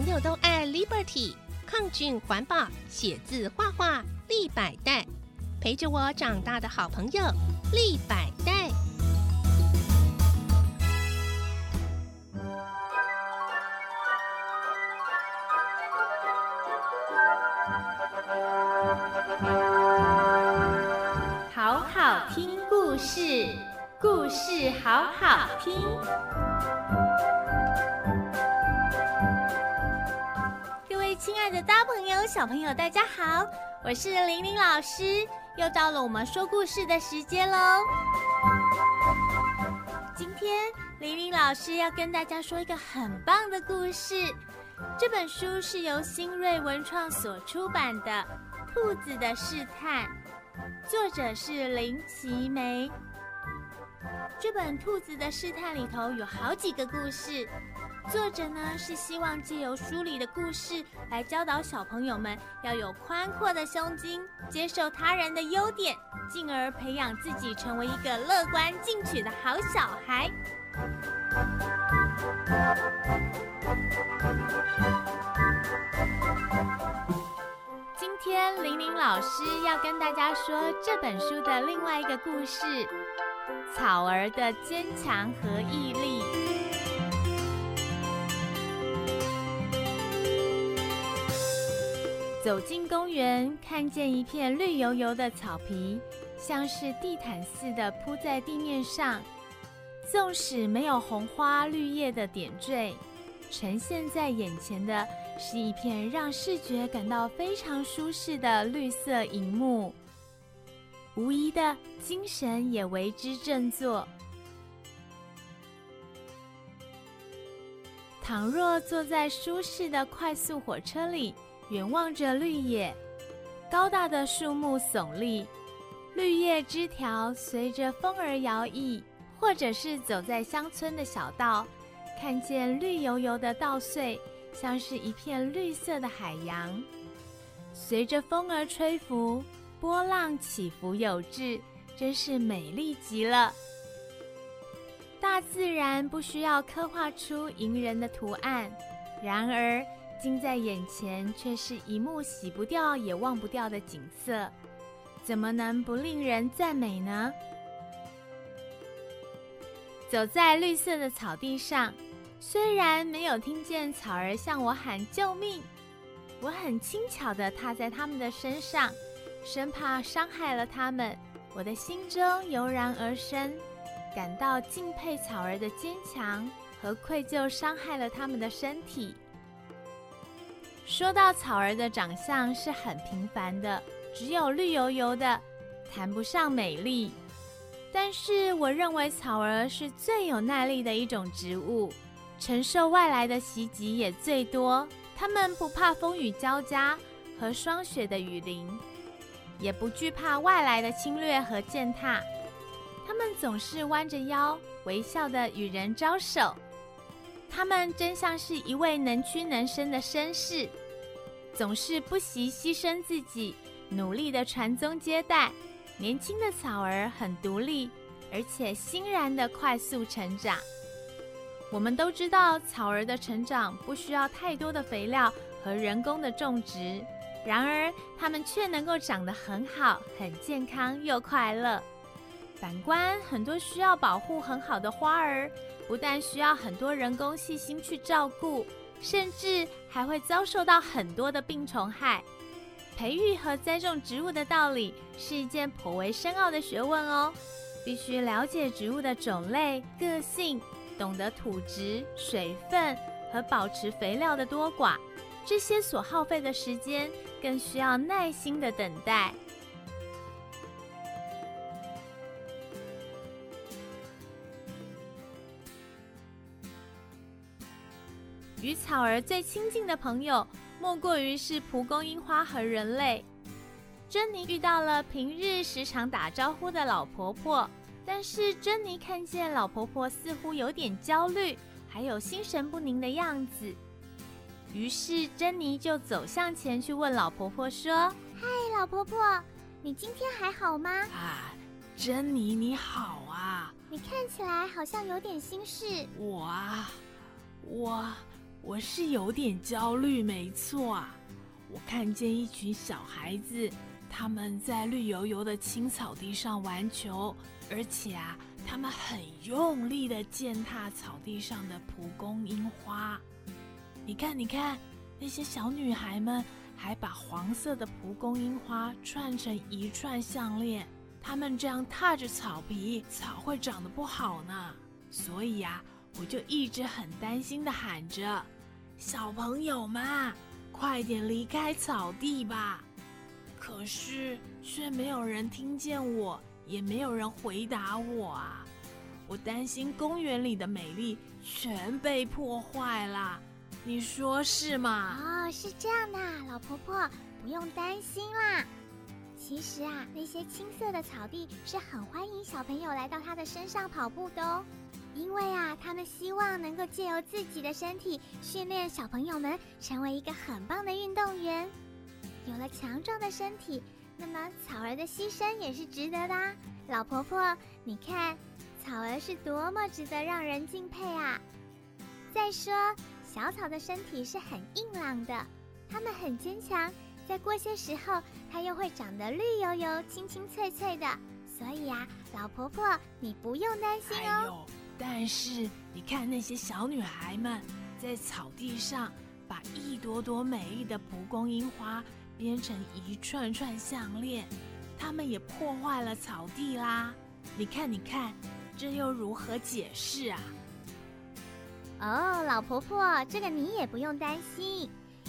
朋友都愛 Liberty，抗菌環保，寫字畫畫立百代，陪着我長大的好朋友立百代。好好聽故事，故事好好聽。親愛的大朋友、小朋友，大家好！我是玲玲老師，又到了我們說故事的時間嘍。今天玲玲老師要跟大家說一個很棒的故事。這本書是由新銳文創所出版的《兔子的試探》，作者是林奇梅。這本《兔子的試探》裡頭有好幾個故事。作者呢，是希望借由書裡的故事來教導小朋友們要有寬闊的胸襟，接受他人的優點，進而培養自己成為一個樂觀進取的好小孩。今天玲玲老師要跟大家說這本書的另外一個故事：草兒的堅強和毅力。走進公園，看見一片綠油油的草皮，像是地毯似的鋪在地面上，縱使沒有紅花綠葉的點綴，呈現在眼前的是一片讓視覺感到非常舒適的綠色熒幕，無疑的精神也為之振作。倘若坐在舒適的快速火車裡。遠望着綠野，高大的樹木聳立，綠葉枝條隨着風兒搖曳；或者是走在鄉村的小道，看見綠油油的稻穗，像是一片綠色的海洋，隨着風兒吹拂，波浪起伏有致，真是美麗極了。大自然不需要刻畫出迎人的圖案，然而。近在眼前，卻是一幕洗不掉也忘不掉的景色，怎麼能不令人讚美呢？走在綠色的草地上，雖然沒有聽見草兒向我喊救命，我很輕巧地踏在他們的身上，生怕傷害了他們，我的心中油然而生，感到敬佩草兒的堅強，和愧疚傷害了他們的身體。說到草兒的長相是很平凡的，只有綠油油的，談不上美麗。但是我認為草兒是最有耐力的一種植物，承受外來的襲擊也最多。它們不怕風雨交加和霜雪的雨淋，也不懼怕外來的侵略和踐踏。它們總是彎着腰，微笑的與人招手。他們真像是一位能屈能伸的紳士，總是不惜犧牲自己，努力地傳宗接代。年輕的草兒很獨立，而且欣然地快速成長。我們都知道，草兒的成長不需要太多的肥料和人工的種植，然而他們卻能夠長得很好、很健康又快樂。反觀很多需要保護很好的花兒。不但需要很多人工細心去照顧，甚至還會遭受到很多的病蟲害。培育和栽種植物的道理是一件頗為深奧的學問哦，必須了解植物的種類、個性，懂得土質、水分和保持肥料的多寡。這些所耗費的時間，更需要耐心的等待。與草兒最親近的朋友，莫過於是蒲公英花和人類。珍妮遇到了平日時常打招呼的老婆婆，但是珍妮看見老婆婆似乎有點焦慮，還有心神不寧的樣子。於是珍妮就走向前去問老婆婆說：“嗨，老婆婆，你今天還好嗎？”啊，珍妮你好啊，你看起來好像有點心事。我啊，我啊。我是有點焦慮，沒錯啊。我看見一群小孩子，他們在綠油油的青草地上玩球，而且啊，他們很用力地踐踏草地上的蒲公英花。你看，你看，那些小女孩們還把黃色的蒲公英花串成一串項鏈，他們這樣踏着草皮，草會長得不好呢。所以啊。我就一直很擔心地喊着：“小朋友們，快點離開草地吧！”可是卻沒有人聽見我，也沒有人回答我啊！我擔心公園裡的美麗全被破壞了，你說是嗎？哦，是這樣的，老婆婆，不用擔心啦。其實啊，那些青色的草地是很歡迎小朋友來到它的身上跑步的哦。因為啊，他們希望能夠借由自己的身體訓練小朋友們成為一個很棒的運動員。有了強壯的身體，那麼草兒的犧牲也是值得的啊！老婆婆，你看草兒是多麼值得讓人敬佩啊！再說，小草的身體是很硬朗的，它們很堅強，在過些時候它又會長得綠油油、青青翠翠的。所以啊，老婆婆你不用擔心哦。但是你看那些小女孩們在草地上把一朵朵美麗的蒲公英花編成一串串項鏈她們也破壞了草地啦。你看，你看，這又如何解釋啊？哦，老婆婆，這個你也不用擔心，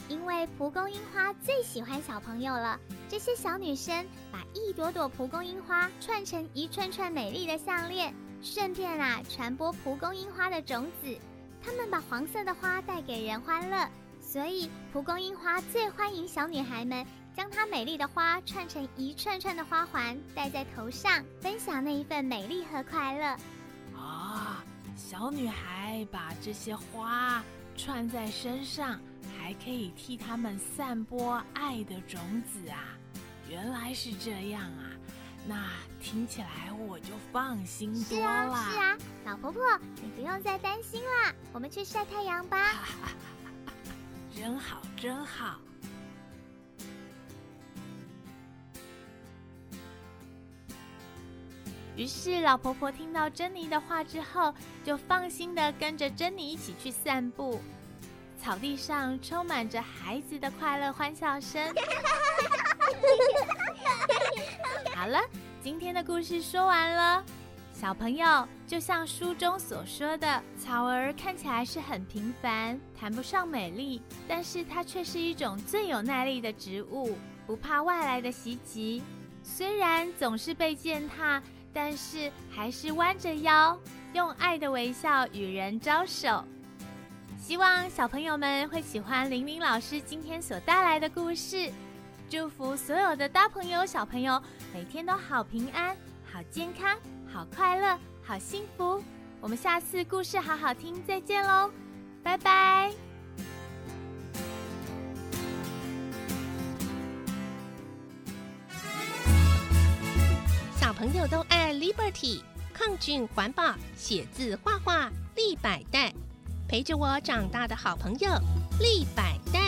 因為蒲公英花最喜歡小朋友了。這些小女生把一朵朵蒲公英花串成一串串美麗的項鏈順便啦、啊，傳播蒲公英花的種子。它們把黃色的花帶給人歡樂，所以蒲公英花最歡迎小女孩們將它美麗的花串成一串串的花環戴在頭上，分享那一份美麗和快樂。啊、哦，小女孩把這些花串在身上，還可以替她們散播愛的種子啊！原來是這樣啊。那聽起來我就放心多了。是啊，是啊，老婆婆，你不用再擔心了。我們去曬太陽吧。 真好，真好。於是，老婆婆聽到珍妮的話之後，就放心的跟着珍妮一起去散步。草地上充滿着孩子的快樂歡笑聲。 好了，今天的故事說完了。小朋友，就像書中所說的，草兒看起來是很平凡，談不上美麗，但是它卻是一種最有耐力的植物，不怕外來的襲擊。雖然總是被踐踏，但是還是彎着腰，用愛的微笑與人招手。希望小朋友們會喜歡玲玲老師今天所帶來的故事。祝福所有的大朋友、小朋友，每天都好平安、好健康、好快樂、好幸福。我們下次故事好好聽，再見嘍，拜拜。小朋友都愛 Liberty，抗菌環保，寫字畫畫，利百代，陪着我長大的好朋友，利百代。